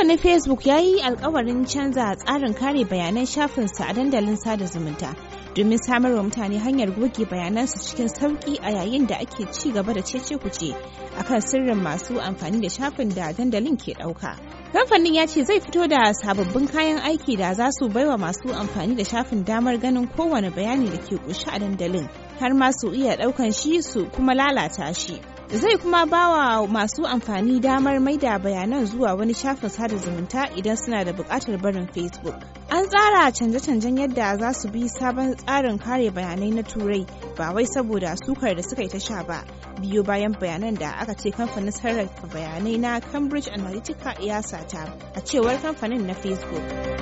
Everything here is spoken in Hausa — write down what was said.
Kamfanin Facebook ya yi alkawarin canza tsarin kare bayanan shafinsa a dandalin sada zumunta domin samar wa mutane hanyar goge bayanan su cikin sauƙi a yayin da ake ci gaba da cece kuce akan sirrin masu amfani da shafin da dandalin ke ɗauka. Kamfanin ya ce zai fito da sababbin kayan aiki da za su baiwa masu amfani da shafin damar ganin kowane bayani da ke kushe a dandalin har ma su iya ɗaukan shi su kuma lalata shi. zai kuma bawa masu amfani damar maida bayanan zuwa wani shafin sada zumunta idan suna da bukatar barin facebook an tsara canje-canjen yadda za su bi sabon tsarin kare bayanai na turai ba wai saboda sukar da suka yi ta sha ba biyo bayan bayanan da aka ce kamfanin sarrafa bayanai na cambridge analytica ya sata a cewar kamfanin na facebook